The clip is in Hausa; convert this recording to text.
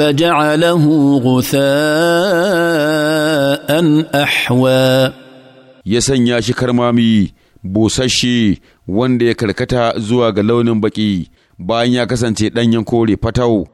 فجعله غثاء أحوى يسن يا shi karmami busasshe wanda ya karkata zuwa ga launin baƙi bayan ya kasance ɗanyen kore fatau